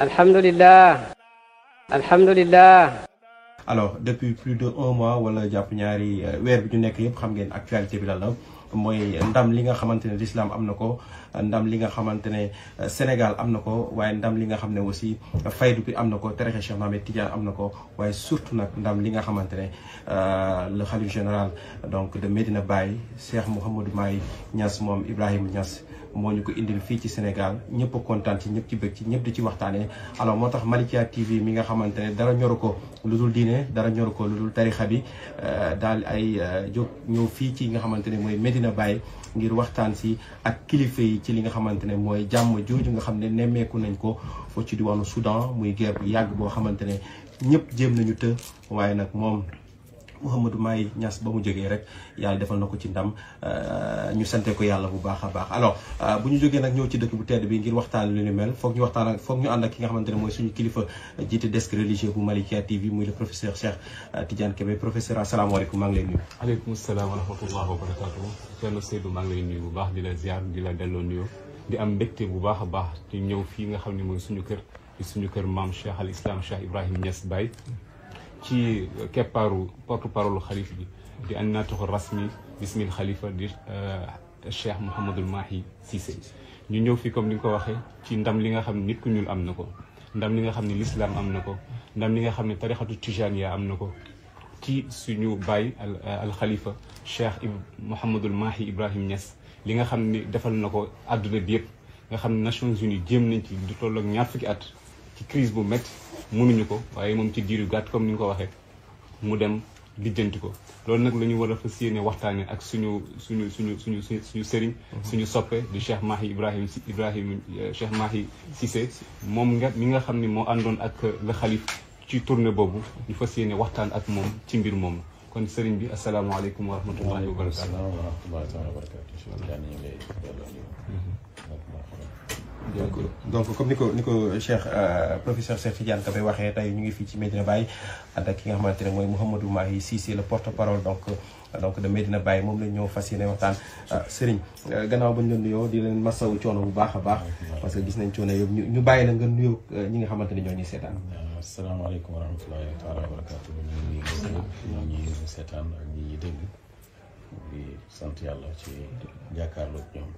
الحمد لله الحمد لله alors depuis plus de un mois wala jàpp ñaari weer bi ñu nekk yëpp xam ngeen actualité bi lan la mooy ndam li nga xamante ne l'islam am na ko ndam li nga xamante Sénégal am na ko waaye ndam li nga xam ne aussi faydu bi am na ko tarixa Cheikh Mahammed Tidiane am na ko waaye surtout nag ndam li nga xamante ne le khalife général donc de Medina Baye Cheikh mohamed Mahi nias moom ibrahim nias moo ñu ko indil fii ci Sénégal ñëpp kontaan ci ñëpp ci bëgg ci ñëpp di ci waxtaanee alors moo tax Malikia TV mi nga xamante ne dara ñor ko lu dul diine dara ñor ko lu dul tarixa bi euh, daal ay euh, jóg ñëw fii ci nga xamante ne mooy Medina bàyyi ngir waxtaan si ak kilifa yi ci li nga xamante ne mooy jàmm jooju nga xam ne nemmeeku nañ ko fo ci diwaanu Soudan muy guerre bu yàgg boo xamante ne ñëpp jéem nañu të waaye nag moom Mouhamadou may Niass ba mu jógee rek yàlla defal na ko ci ndam euh, ñu sante ko yàlla bu baax a baax alors euh, bu ñu jógee nag ñëw ci dëkk bu tedd bi ngir waxtaan lu ni mel foog ñu waxtaan ak foog ñu ànd ak ki nga xamante ne mooy suñu kilifa jiite desk religieux bu Malikia TV muy le professeur Cheikh euh, Tidiane Kébé professeur asalaamaaleykum maa ngi aleykum salaam wa rahmatullah wa bu baax di la ziar di la delloo nuyu di am mbégte bu baax a baax ci ñëw fii nga xam ne mooy suñu kër suñu kër maam Cheikh al Islam Cheikh Ibrahim Niass Baye ci képparu porte parole khalife bi di an naatuxu rasmi bismi khalifa di cheikh mouhamadul mahi Cissé ñu ñëw fi comme ni ko waxe ci ndam li nga xam nit ku ñul am nako ndam li nga xam ne am nako ndam li nga xam tarikhatu tijaniya am nako ci suñu bay al khalifa cheikh mouhamadul mahi ibrahim ness li nga xam ne defal nako aduna bi yëpp nga xam Nations Unies jëm nañ ci du tollok ñaar fukki at ci crise bu métti munuñu ko waaye moom ci diir yu gàtt comme ni nga ko waxee mu dem lijjanti ko loolu nag la ñu war a fas yéene waxtaanee ak suñu suñu suñu suñu suñu sëriñ. Mhm. suñu soppe di Cheikh Mahi Ibrahim si Ibrahim euh, Cheikh Mahi Cissé moom nga mi nga xam ne moo àndoon ak le xalif ci tournée boobu ñu fas yéene waxtaan ak moom ci mbir moomu. kon sëriñ bi asalaamaaleykum wa rahmatullahi wa barakaatu. wa rahmatullahi wa barakaatu. Mhm. donc comme ni ko ni ko Cheikh euh, professeur Cheikh Tidiane Kabe waxee tey ñu ngi fii ci Medina Baye ànd ak ki nga xamante ne mooy Mouhamadou Mahi Cissé le porte parole donc. donc de Medina Baye moom lañ ñëw fas yéene waxtaan euh, sëriñ euh, gannaaw ba ñu doon nuyoo di leen masawu coono bu baax a baax parce que gis nañ coono yëpp ñu ñu bàyyi la nga nuyoo ñi nga xamante ne ñoo ñuy seetaan. assalamu aleykum wa rahmatullahi taala wa ñu ngi ñoo ñuy seetaan ak ñi ñuy déglu di sant yàlla ci jàkkaarloog ñoom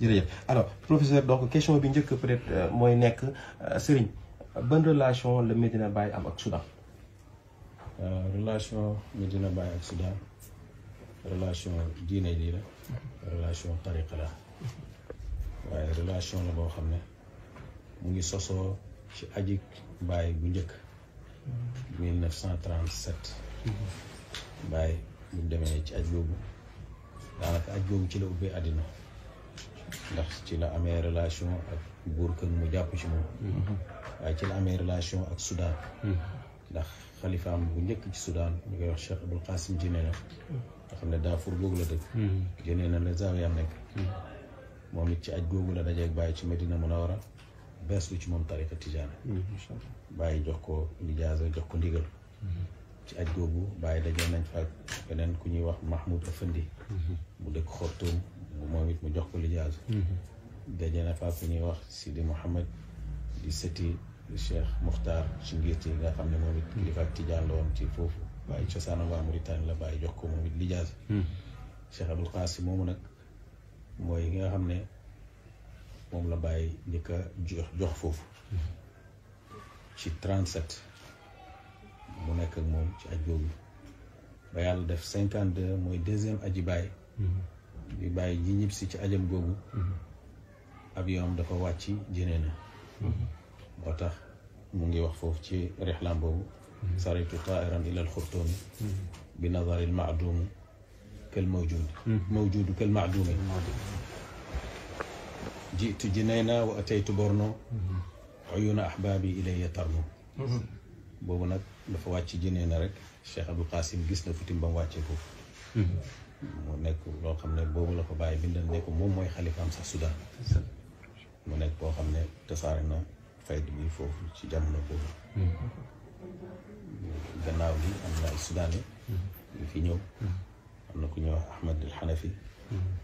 jërëjëf alors professeur donc question bi njëkk peut-être euh, mooy nekk euh, Serigne ban relation la Medina Baye am ak Soudan euh, relation Medina Baye ak Soudan relation diine lii la relation tariqa la waaye relation la boo xam ne mu ngi sosoo ci aji Baye bu njëkk 1937 Baye bu demee ci aj boobu daanaka aj boobu ci la ubbee àddina ndax ci la amee relation ak buur kën mu jàpp ci moom waaye ci la amee relation ak Soudan ndax xalifaam bu njëkk ci Soudan ñu koy wax Cheikh Abul Qasim Jineena nga xam ne Darfour googu la dëkk hmm. Jineena la zaawiyam nekk hmm. moom it ci aj googu la dajeeg Baye ci Medina Munawara bees lu ci moom tariqa tijaana mm-hmm. bàyyi jox ko lijaasa jox ko ndigal mm-hmm. ci aj googu bàyyi dajee nañ fa keneen ku ñuy wax Mahmoud Afandi mm-hmm. mu dëkk xortuum mu moom it mu jox ko lijaasa dajee na fa ku ñuy wax Sidi Mouhamed di sëti Cheikh Muxtaar ci ngiit yi nga xam ne moom it kilifaak tijaan la ci foofu bàyyi cosaanam waa Mauritanie la bàyyi jox ko moom it lijaasa Cheikh Abdul Qasim moomu nag mooy nga xam ne mom la bàyyi njëkk jox jox foofu ci 37 mu nekk ak mom ci aj boobu ba yàlla def 52 moy deuxième aji bàyyi di bàyyi ji ñib ci ci ajam gogu avion dafa wàcc jënee na moo tax mu ngi wax fofu ci rihlam bobu saritu tairan ilal xurtoomi bi nazaril maaduum kel mawjuud mawjuudu kel جئت جنينا وأتيت بورنو عيون أحبابي إلي ترنو boobu nag dafa wàcc jinee na rek Cheikh Abdou Qasim gis na futim ba mu wàccee foofu mu nekk loo xam ne boobu la ko bàyyi bindal ne ko moom mooy xalifaam sax Soudan mu nekk boo xam ne tasaare na fayd bi foofu ci jamono boobu gannaaw gi am na ay Soudanais yu fi ñëw am na ku ñëw Ahmed El Hanafi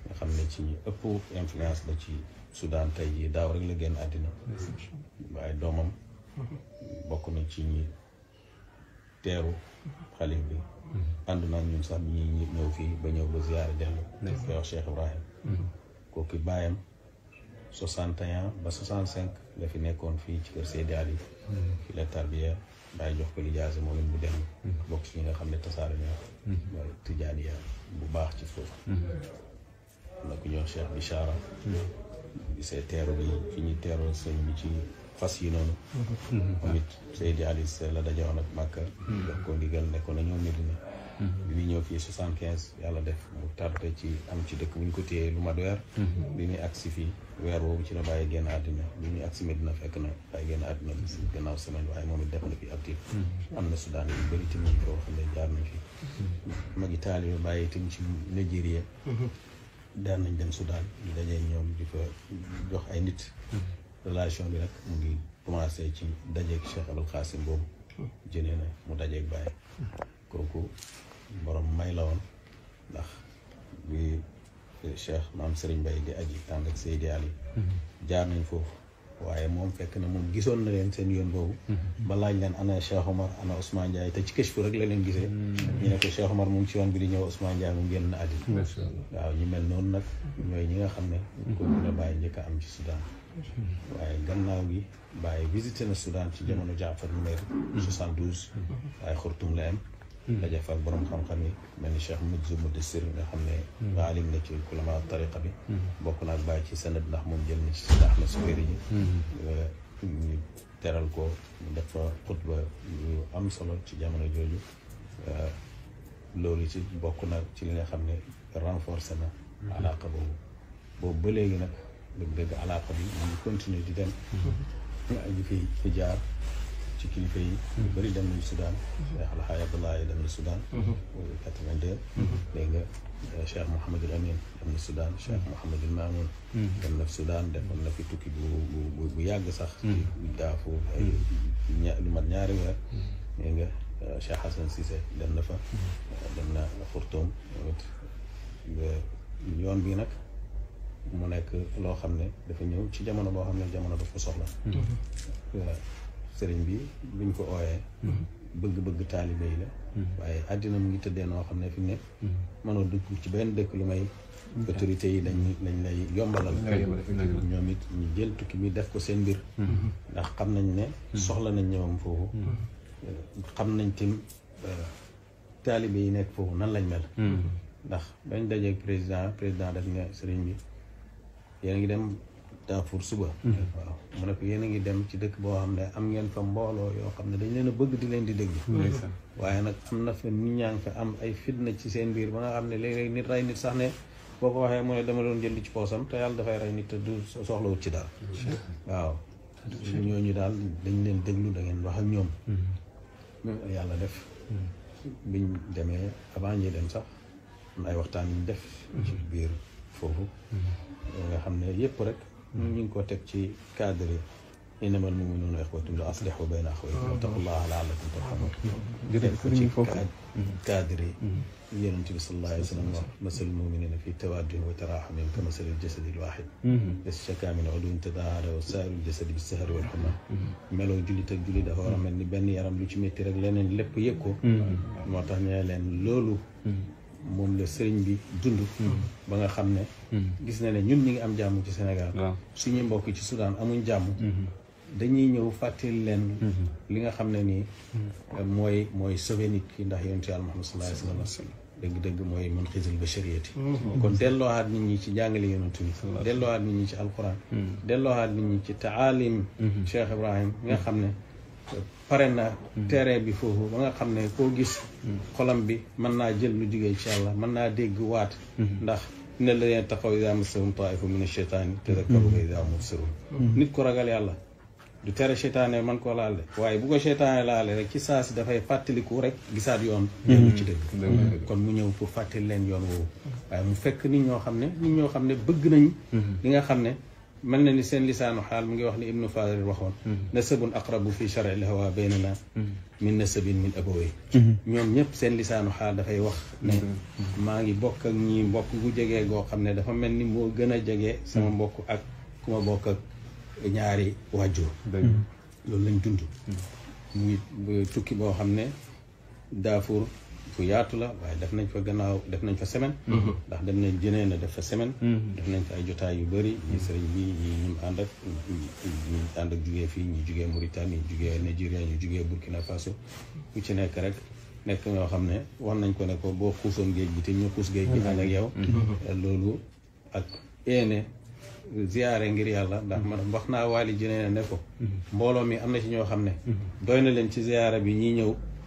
nga xam ne ci ëpp influence la ci Soudan tey jii daaw rek la génn àddina waaye doomam bokk na ci ñi teeru xalif bi ànd naa ñun sax ñi ñi ñëw fii ba ñëw ba ziyaare dellu koy wax Ibrahim mhm. kooku bàyyam soixante et ba soixante cinq la fi nekkoon fii ci kër Seydi Ali fi mhm. la tarbiya bàyyi jox ko lijaase moom it mu mhm. bokk ci nga xam ne tasaare ñoo waaye tijaaniya bu baax ci foofu am na ku ñuy wax Cheikh Bichara gisee teeru bi fi ñu teeroo sëñ bi ci fas yi noonu moom sey di Ali la dajewoon ak Màkka jox ko ndigal ne ko nañoo Medina bi muy ñëw fii soixante quinze yàlla def mu tardé ci am ci dëkk bu ñu ko téyee lu mat weer mm-hmm. bi muy agsi fii weer woowu ci la bàyyi génn àddina bi muy agsi Medina fekk na bàyyi génn àddina bi gannaaw semaine waaye moom it def na fi ab diir mm-hmm. am na Soudan yu bëri tamit foo xam ne jaar nañ fi mm-hmm. magi taalibe bàyyi tamit ci Nigeria daan nañ dem Soudan di dajee ñoom di fa jox ay nit hmm. relation bi nag mu ngi commencé ci dajeeg Cheikh Abdou Khassim boobu hmm. jënee na mu dajeeg bàyyi hmm. kooku borom may la woon ndax bi Cheikh maam Serigne Mbaye di aji tànd ak Seydi jaar nañ foofu waaye moom fekk na moom gisoon na leen seen yoon boobu mm-hmm. ba laaj leen ana Cheikh Omar ana Ousmane Ndiaye te ci këchfu rek la leen gisee mm-hmm. ñu ne ko Cheikh Omar mu ci yoon bi di ñëw Ousmane Ndiaye mu génn àddina waaw ñu mel noonu nag ñooy ñi nga xam ne ko mën a bàyyi njëkk am ci Soudan mm-hmm. waaye gannaaw gi bàyyi visité na Soudan ci jamono Jaafar Numeri soixante-douze waaye xurtum la am لجفال برام خام خامي من الشيخ مجزو مدسر من خامي وعليم لكي كل ما الطريقة بي بوكنا باي كي سند نحمون جل نشيط أحمد سويري ترال كو دفع قطبة أم صلاة جامعنا جوجو لوري تي بوكنا تلين خامي رانفورسنا علاقة بو بو بلي نك بو بلي علاقة بي نكونتني جدا في تجار تكلفي بريد من السودان على حياة الله إلى من السودان وكاتب عندهم لينجا شيخ محمد الأمين من السودان شيخ محمد المامون من السودان ده من في توكي بو بو بو بيا جسخ دافو نيا لمنياري ولا إيه لينجا شيخ حسن سيسة دمنا فا دمنا خرطوم يوم بينك mu nekk loo xam ne dafa ñëw ci jamono boo xam ne jamono dafa soxla sëriñ bi luñ ko ooyee bëgg-bëgg taalibe yi la mm-hmm. waaye àddina mu ngi tëddee noo xam ne fi ne mm-hmm. mënoo dugg ci benn dëkk lu may mm-hmm. autorité yi dañ dañ lay yombalal ñoom it ñu jël tukki bi def ko seen mbir ndax xam nañ ne soxla nañ ñëwam foofu xam nañ tim euh, taalibe yi nekk foofu nan lañ mel ndax bañ dajeeg président président daf ne sëriñ bi yéen ngi dem Darfour suba. Hmm. waaw mu ne ko yéen a ngi dem ci dëkk boo xam ne am ngeen fa mbooloo yoo xam ne dañ leen a bëgg di leen di dégg. waaye nag am na fa nit ñaa ngi am ay fitna ci seen biir ba nga xam ne léeg-léeg nit rey nit sax ne boo ko waxee mu ne dama doon jënd ci poosam te yàlla dafay rey nit te du soxlawut ci daal. waaw ñooñu daal dañ leen déglu da ngeen wax ak ñoom. Hmm. Hmm. yàlla def. biñ demee avant ñuy dem sax am ay waxtaan yu ñu def. ci biir foofu. nga xam ne yëpp rek. ñun ñu ngi ko teg ci cadre innamal mu'minuuna ixwatun wa aslihu bayna axawaykum wattaqullaaha la'allakum turhamuun jërëjëf ci cadre yi yonent bi sallallaahu alayhi wa sallam wax masalul mu'miniina fi tawaddihim wa taraahumihim ka masalil jasadil waahid yashtakaa min udwin tadaa'araa wa saa'irul jasadi bis-sahari wal humaa meloo jullit ak jullit dafa war a mel ni benn yaram lu ci métti rek leneen lépp yëg ko moo tax ñu ne leen loolu moom la sëriñ bi dund ba nga xam ne gis na ne ñun ñu ngi am jàmm ci Sénégal suñu mbokk ci Soudan amuñ jàmm dañuy ñëw fàttali leen li nga xam ne nii mooy mooy sauver nit ki ndax yonent Yàlla Muhammad sallallahu alayhi wa sallam dëgg-dëgg mooy mun xisil bashariyati kon delloowaat nit ñi ci jàngale yonent bi delloowaat nit ñi ci alquran mm-hmm. delloowaat nit ñi ci taalim mm-hmm. Cheikh Ibrahim nga xam ne pare na terrain bi foofu ba nga xam ne koo gis xolam bi mën naa jël lu jugee ci yàlla man naa dégg waat ndax ne la leen taxaw idaa massahum taaifu mina sheytaani tadakkaru fa idaa hum ko ragal yàlla du tere seytaane man koo laal waaye bu ko seytaane laale rek ci saa si dafay fàttaliku rek gisaat yoon yellu mm-hmm. ci dëgg kon mu ñëw pour fàttali leen yoon woowu waaye mu fekk nit ñoo xam ne nit ñoo xam ne bëgg nañ mm-hmm. li nga xam ne mel na ni seen lisaanu xaal mu ngi wax ni ibnu Farid waxoon hmm. nasabun aqrabu fi shar'il hawa na hmm. min nasabin min abaway hmm. ñoom ñëpp seen lisaanu xaal dafay wax ne maa ngi bokk ak ñii mbokk gu jege goo xam ne dafa mel ni moo gën a jege sama mbokk ak ku ma bokk ak ñaari wàjjur loolu lañ dund tukki boo xam ne daafur fu yaatu la waaye def nañ fa gannaaw def nañ fa semaine mhm. ndax dem nañ jënee def fa semaine mhm. def nañ fa ay jotaay yu bëri ñi sëriñ bi ñu ànd ak ñi ànd ak jugee fii ñi jugee jugee Nigeria ñi jugee Burkina Faso ku ci nekk rek nekk ñoo xam ne wax nañ ko ne ko boo xuusoon géej gi te ñu xuus géej gi ànd ak yow mhm. eh, loolu ak eene ziyaare ngir yàlla ndax man wax naa waali jënee ne ne ko mbooloo mi am na ci ñoo xam ne doy na leen ci ziyaare bi ñi ñëw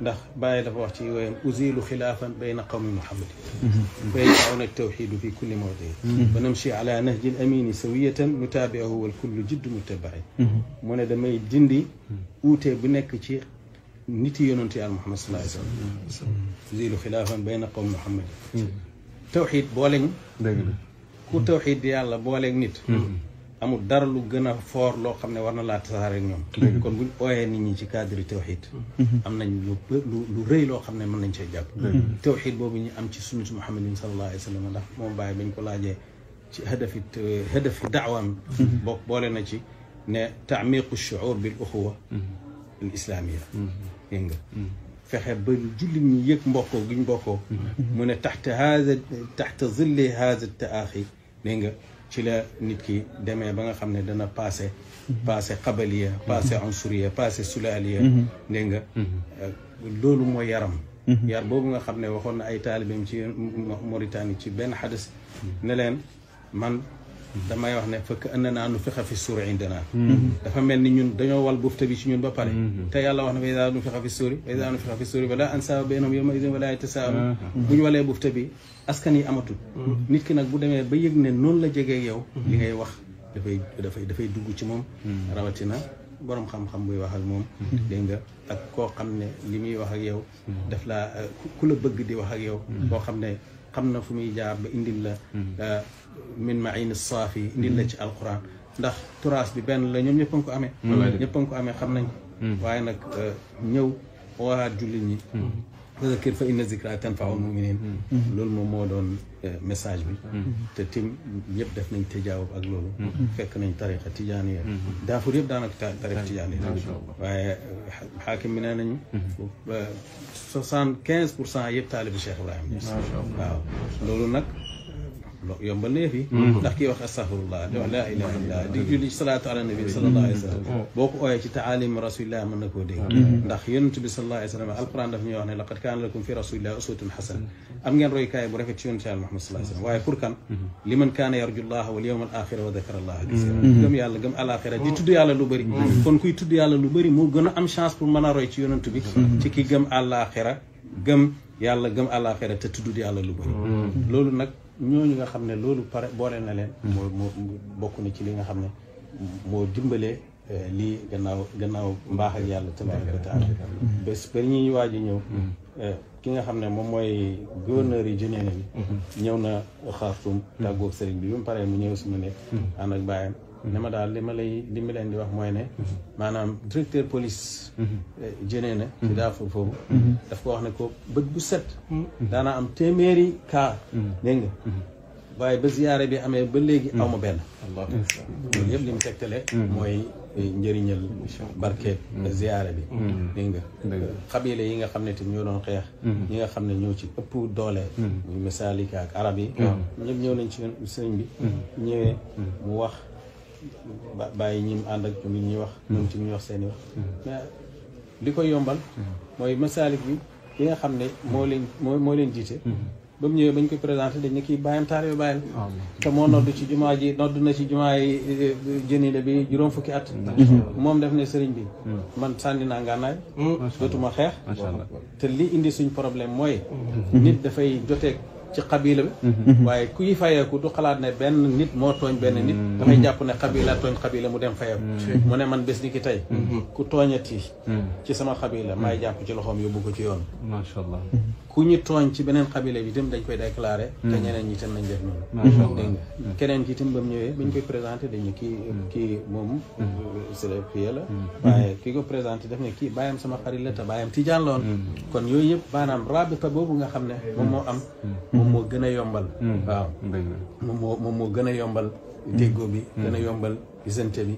ndax bàyyi dafa wax ci woyam uzilu xilaafan bayna qawmi muhammadin wa yajcauna tawxidu fi kulli mawdii wa namshi ala nahji l amini sawiyatan mutaabiahu wal kullu jiddu mutabain mu ne damay dindi uute bu nekk ci nit yi yonantu yàlla muhammad sallallahu alayhi wa sallam uzilu xilaafan bayna qawmi muhammadin tawxid booleñ ku tawxid yàlla booleeg nit amul dara lu gëna for lo xamne xam ne war na laa tasaare ak ñom kon buñ oyé nit ñi ci cadre tawhid am nañ lu lu reuy lo xamne mën nañ ci jàpp. tawhid bobu ñi am ci sunnat muhammad sallallahu alayhi wasallam ndax moom baye bañ ko laaje ci hadafi hadafi daawaam. bok boole na ci ne ta'miq ash shuur bil ukhuwa al islamiyya dégg fexe ba julli ñi yek mboko giñ mboko mu ne tahta hadha tahta dhilli hadha taaxi dégg nga. ci la nit ki demee ba nga xam ne dana passé passé xabaliya passé ansuriya passé sulaaliya dégg nga mhm. loolu mooy yaram mhm. yar boobu nga xam ne waxoon na ay taalibeem ci Mauritanie ci benn xadis mhm. ne leen man damay wax ne fekk ënd naa nu fi suri indana dafa melni ñun dañu wal bufta bi ci ñun ba pare te yàlla wax ne bay daa nu fi suri bay daa nu fi suri wala ansa baynahum yawma idin wala yatasaalu buñ walé walee bufta bi askan yi amatul nit ki nak bu démé ba yëg ne noonu la jégué yow li ngay wax da da fay fay da fay dugg ci mom rawatina borom xam-xam muy wax ak mom dégg nga ak ko xamne limi wax ak yow daf la ku la bëgg di wax ak yow bo xamne xam na fu muy jaar ba indil la min maïn saafi indil la ci alquran ndax turaas bi benn la ñoom ñëpp a ngi ko amee ñëpp a ngi ko amee xam nañ ko waaye nag ñëw waraat jullit ñi فذكر فإن الذكرى تنفع المؤمنين لول مو مودون آه، ميساج بي تيم ييب داف نان تجاوب اك لول فك نان طريقه تجانيه دافور ييب دانك طريق تجانيه واي حاكم منا نانيو 75% ييب طالب الشيخ ابراهيم ما شاء الله آه. لول نك yombal na yëf yi ndax kii wax astaghfirullah di wax laa ilaha illa di julli salaatu ala nabi sallallahu alayhi wa sallam boo ko ooyee ci taalim rasulillah mën na koo dégg ndax yonent bi sallallahu alayhi wa sallam alquran daf ñuy wax ne laqad kaana lakum fi rasulillah uswatun xasana am ngeen royukaay bu rafet ci yonent yàlla Muhammad sallallahu alayhi wa sallam waaye pour kan li man kaana yarju llaha wal yawmal axira wa dakara llaha kasiira gëm yàlla gëm alaxira di tudd yàlla lu bëri kon kuy tudd yàlla lu bëri moo gën a am chance pour mën a roy ci yonent bi ci ki gëm alaxira gëm yàlla gëm alaxira te tudd yàlla lu bëri loolu nag ñooñu nga xam ne loolu pare boole na leen. moo moo bokk ci li nga xam ne moo dimbalee euh, lii gannaaw gannaaw mbaax ak yàlla tabaaraka wa taala bés ba ñuy waaj ñëw. Mm-hmm. Euh, ki nga xam ne moom mooy gouverneur yi junee na bi ñëw na xaartum mm-hmm. tàggoog sëriñ bi bi mu paree mu ñëw su ma nekk ànd ak bàyyam ne ma daal li ma lay li ma leen di wax mooy ne maanaam directeur police eh, jënee na ci daafur foofu daf ko wax ne ko bët bu set daanaa am téeméeri cas dégg waaye ba ziyaare bi amee ba léegi aw ma benn loolu yëpp li mu tegtale mooy eh, njëriñal barke ziyaare bi dégg nga xabile yi nga xam ne tamit ñoo doon xeex ñi nga xam ne ñoo ci ëpp doole muy misaalika ak arab yi ñëpp ñëw nañ ci sëriñ bi ñëwee mu wax bàyyi ñi mu ànd ak ñoom ñuy wax ñoom ci ñuy wax seeni wax mais li ko yombal mooy masaalik bi yi nga xam ne moo leen moo moo leen jiite ba mu ñëwee bañ koy présenté dañ ne kii bàyyam taaree bàyyam te moo nodd ci jumaa ji nodd na ci jumaa yi eh, jënile bi juróom fukki at moom def ne sëriñ bi man sànni naa ngànnaay dootuma xeex te li indi suñ problème mooy nit dafay joteeg ci xabila bi mhm. waaye kuy fayeeku du xalaat ne benn nit moo tooñ benn nit mhm. dafay jàpp ne xabila tooñ xabila mu dem fayeeku mhm. mu ne man bés ni ki tey ku tooñati ci sama xabila maay jàpp ci loxoom yóbbu ko ci yoon macha allah ku ñu tooñ ci beneen xabila bi itam dañ koy déclaré mm. te ñeneen ñi itam nañ def ma mm-hmm. dégg nga mm. keneen ki itam ba mu ñëwee bañ koy mm. présenté dañu kii kii moom célébrité la waaye ki ko présenté daf ne kii bàyyam sama xarit la te bàyyam tijaan loon kon yooyu yëpp maanaam rabita boobu nga xam ne moom moo am moom moo gën a yombal waaw moom moo moom moo gën a yombal déggoo bi gën a yombal gisante bi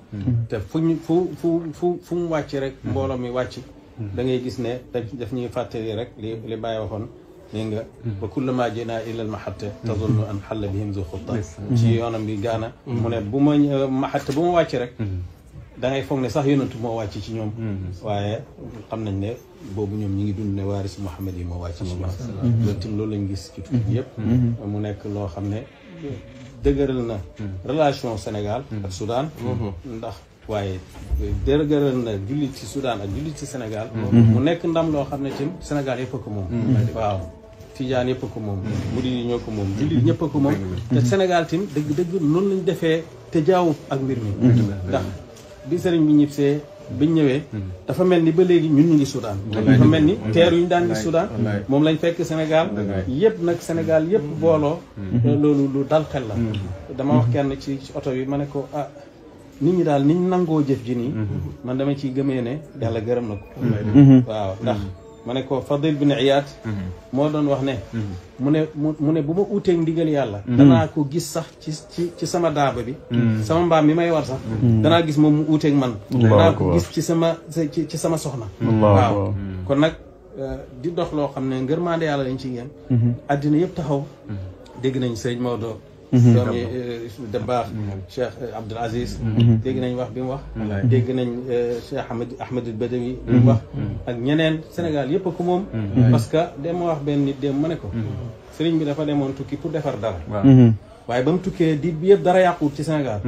te fu ñu fu fu fu fu mu wàcc rek mbooloo mi wàcc da ngay gis ne daf ñuy fàttali rek li li bàyyi waxoon dégg nga ba kullama jina al mahatta tazunnu an xalla bihim zu xutta ci yoonam bi gaana mu ne bu ma mahatta bu ma wàcc rek da ngay foog ne sax yonantu moo wàcc ci ñoom waaye xam nañ ne boobu ñoom ñi ngi dund ne waaris Muhammad yi moo wàcc ci ñoom loolu tim loolu lañ gis ci tukki yëpp mu nekk loo xam ne dëgëral na relation Sénégal ak Soudan ndax waaye dërgëral na jullit ci Soudan ak jullit ci senegal mhm. mu nekk ndam loo xam ne tim senegal yëpp ko moom. Mhm. waaw Tijaan yëpp a moom. Mhm. Murid ñoo ko moom jullit ñëpp ko moom. te Sénégal tim dëgg-dëgg noonu lañ defee te jaawu ak mbir mi. ndax bi sëriñ bi ñibbisee biñ ñëwee. dafa mel ni ba léegi ñun ñu ngi Soudan. mel ni teer yu daan ngi moom lañ fekk Sénégal. yëpp nag Sénégal yëpp booloo. loolu lu dal la. dama wax kenn ci oto bi ma ne ko ah. nit ñi daal ni ñu nangoo jëf ji nii mhm. man dama ciy gëmee ne yàlla mhm. gërëm na ko mhm. waaw ndax ma ne ko Fadil bin Iyad moo doon wax ne mu ne mu ne bu ma uuteeg ndigal yàlla danaa ko gis sax ci ci ci sama daaba bi sama mbaam mi may war sax danaa gis moom mu uuteeg man danaa ko gis ci sama ci sama soxna waaw kon nag euh, di dox loo xam ne ngërmaande yàlla lañ ci ngeen addina yëpp taxaw dégg nañ sëñ Maodo doom yi Dabakh Cheikh euh, Abdoul Aziz mhm. dégg nañ wax bi mu wax dégg nañ euh, Cheikh Ahmed Ahmed Badawi bi mu mhm. wax mhm. ak ñeneen Sénégal yëpp ku moom parce que dama wax benn nit dem ma ne ko sëriñ bi dafa demoon tukki pour defar dara waaye ba mu tukkee di bi yëpp dara yàquwut ci Sénégal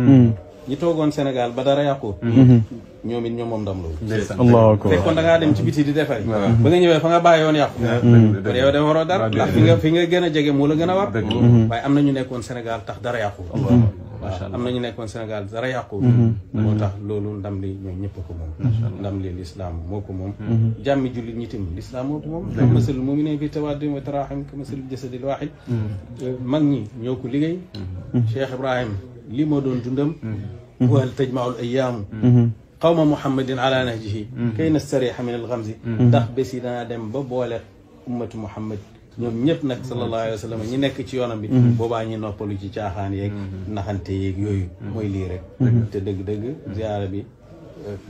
ñi toogoon Sénégal ba dara yàqu mhm. ñoom it ñoom moom ndam loolu fekkoon da ngaa dem ci biti di defari ba nga ñëwee fa nga bàyyoon yàqu mhm. kon yow de waroo dara ndax fi nga gën a jege moo la gën a war mhm. waaye am na ñu nekkoon Sénégal tax dara yàqu waaw am na ñu nekkoon Sénégal dara yàqu moo tax loolu ndam li ñoom ñëpp ko moom ndam li lislaam moo ko moom jàmmi jullit ñi tamit lislaam moo ko moom masalul mu'miniina fi tawaadihim wa taraahumihim liggéey Cheikh Ibrahim li moo doon dundam wal tajmaul ayaamu qawma muhammadin ala nahjihi kay nastariha min alxamsi ndax bés yi danaa dem ba boole ummatu muhammad ñoom ñëpp nag sallallahu alayhi wa sallam ñi nekk ci yoonam bi boobaa ñi noppalu ci caaxaan yeeg naxante yeeg yooyu mooy lii rek te dëgg-dëgg ziyaara bi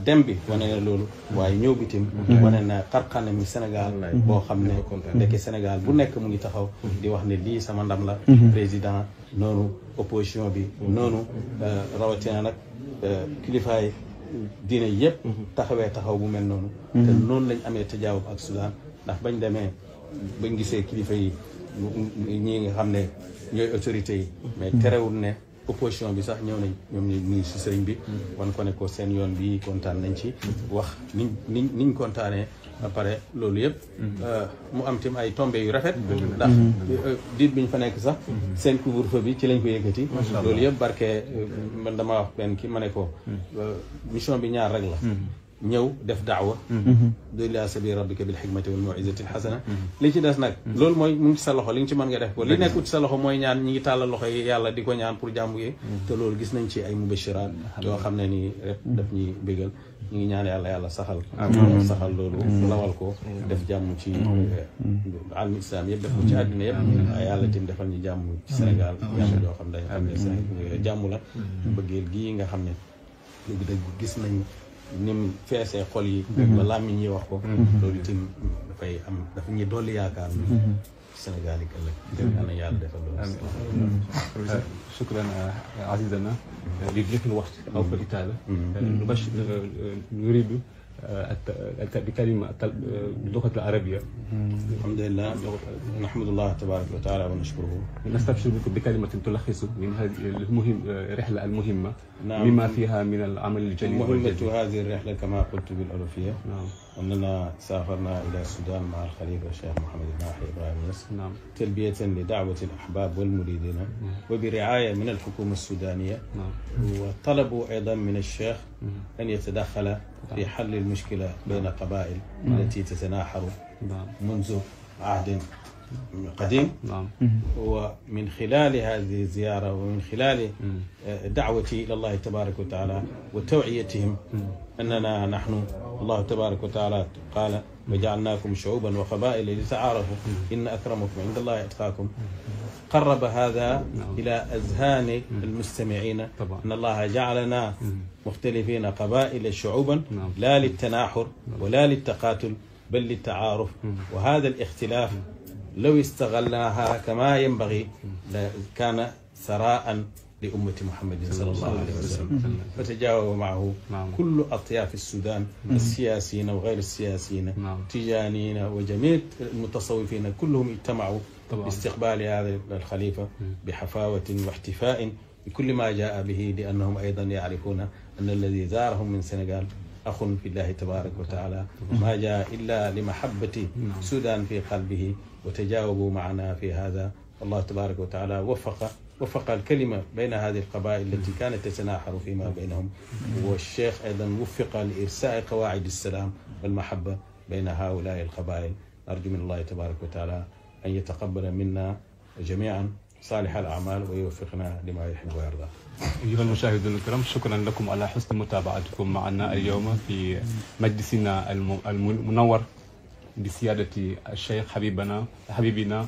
dem bi wane na loolu waaye ñëw bitim wane na xarxana mi Sénégal boo xam ne ndekki Sénégal bu nekk mu ngi taxaw di wax ne lii sama ndam la président noonu opposition bi noonu euh, rawatina nag euh, kilifaay diine yëpp taxawee taxaw bu mel noonu te mhm. noonu lañ amee tajaawub ak Soudan ndax bañ demee bañ gisee kilifa yi ñii nga xam ne ñooy autorité yi mais mhm. terewul ne opposition bi sax ñëw nañ ñoom ñu si sëriñ bi mhm. wan ko ne seen yoon bii kontaan nañ ci wax niñ niñ niñ kontaanee ba pare loolu yëpp mhm. euh, mu am tim ay tombé yu rafet mhm. ndax mhm. euh, diir bi ñu fa nekk sax seen couvre-feu bi ci lañ ko yëkkati loolu yëpp barke euh, man dama wax benn ki ma ne ko mission bi ñaar rek la ñëw def daawa mhm. do ila sabi rabbika bil xikmati wal mawizati al xasana mhm. li ci des nag mhm. loolu mooy mu ngi ci sa loxo li nga ci mën nga def ko li nekkul ci sa loxo mooy ñaan ñi ngi tàllal loxo yi yàlla di ko ñaan pour jàmm yi te loolu gis nañ ci ay mubashiraat yoo xam ne nii daf ñuy bégal ñu ngi ñaan yàlla yàlla saxal saxal loolu lawal ko def jàmm ci eh, alam islam yëpp def ci àddina yàlla tim defal ñu jàmm ci Sénégal xam ne dañ xam ne eh, jàmm la bëggeel gii nga xam ne dëgg gis nañ ni mu feesee xol yi la làmmiñ yi wax ko loolu itam dafay am dafa ñuy dolli yaakaar ni Sénégal yi ëllëg jëm ana yàlla defal loolu شكرا عزيزنا لضيق الوقت او في الكتابه نبشر نريد آه، بكلمه باللغه العربيه الحمد لله نحمد الله تبارك وتعالى ونشكره نستبشر بكم بكلمه تلخص من هذه المهم الرحله المهمه نعم. مما فيها من العمل الجليل مهمة هذه الرحله كما قلت بالالوفيه نعم اننا سافرنا الى السودان مع الخليفه الشيخ محمد بن ابراهيم ياسر نعم تلبيه لدعوه الاحباب والمريدين نعم. وبرعايه من الحكومه السودانيه نعم وطلبوا ايضا من الشيخ نعم. ان يتدخل في نعم. حل المشكلة نعم. بين القبائل نعم. التي تتناحر منذ عهد قديم نعم. ومن خلال هذه الزيارة ومن خلال دعوتي إلى الله تبارك وتعالى وتوعيتهم أننا نحن الله تبارك وتعالى قال وجعلناكم شعوبا وقبائل لتعارفوا إن أكرمكم عند الله أتقاكم قرب هذا نعم. إلى أذهان المستمعين طبعا. أن الله جعلنا مختلفين قبائل شعوبا نعم. لا للتناحر نعم. ولا للتقاتل بل للتعارف وهذا الاختلاف لو استغلناها كما ينبغي كان ثراء لأمة محمد صلى الله عليه وسلم فتجاوب معه نعم. كل أطياف السودان السياسيين وغير السياسيين نعم. تجانين وجميع المتصوفين كلهم اجتمعوا طبعا. باستقبال هذا الخليفة بحفاوة واحتفاء بكل ما جاء به لأنهم أيضا يعرفون أن الذي زارهم من سنغال أخ في الله تبارك وتعالى ما جاء إلا لمحبة السودان في قلبه وتجاوبوا معنا في هذا الله تبارك وتعالى وفق وفق الكلمة بين هذه القبائل التي كانت تتناحر فيما بينهم والشيخ أيضا وفق لإرساء قواعد السلام والمحبة بين هؤلاء القبائل أرجو من الله تبارك وتعالى أن يتقبل منا جميعا صالح الأعمال ويوفقنا لما يحب ويرضى أيها المشاهدون الكرام شكرا لكم على حسن متابعتكم معنا اليوم في مجلسنا المنور بسيادة الشيخ حبيبنا حبيبنا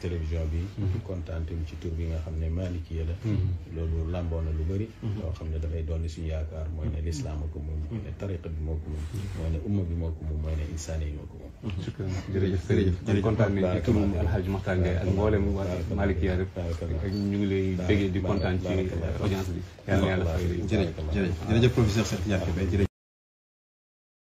télévision bi mhm. kontaan tamit ci tur bi nga xam ne Malikia la mhm. loolu làmboo lu bëri mhm. loo xam ne dafay doon suñu yaakaar mooy ne lislaam ko moom mooy ne tariqa bi moo ko moom mooy ne umma bi moo ko moom mooy ne insaan yi moo ko moom jërëjëf jërëjëf kontaan nañ ci turu Alhaji Makhtar Ngaye ak mboolem waa Malikia bi